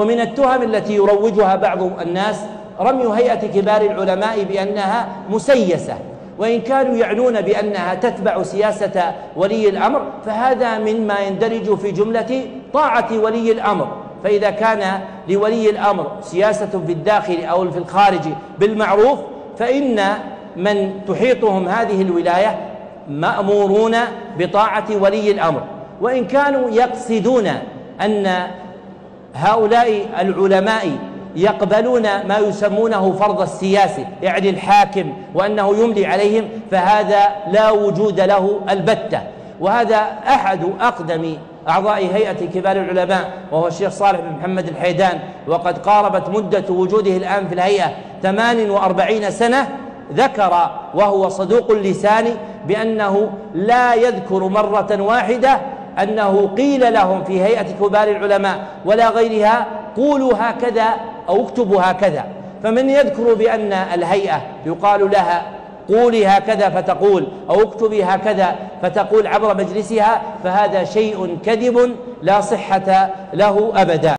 ومن التهم التي يروجها بعض الناس رمي هيئة كبار العلماء بأنها مسيسة وإن كانوا يعنون بأنها تتبع سياسة ولي الأمر فهذا مما يندرج في جملة طاعة ولي الأمر فإذا كان لولي الأمر سياسة في الداخل أو في الخارج بالمعروف فإن من تحيطهم هذه الولاية مأمورون بطاعة ولي الأمر وإن كانوا يقصدون أن هؤلاء العلماء يقبلون ما يسمونه فرض السياسي يعني الحاكم وأنه يملي عليهم فهذا لا وجود له البتة وهذا أحد أقدم أعضاء هيئة كبار العلماء وهو الشيخ صالح بن محمد الحيدان وقد قاربت مدة وجوده الآن في الهيئة 48 سنة ذكر وهو صدوق اللسان بأنه لا يذكر مرة واحدة أنه قيل لهم في هيئة كبار العلماء ولا غيرها قولوا هكذا أو اكتبوا هكذا فمن يذكر بأن الهيئة يقال لها قولي هكذا فتقول أو اكتبي هكذا فتقول عبر مجلسها فهذا شيء كذب لا صحة له أبدا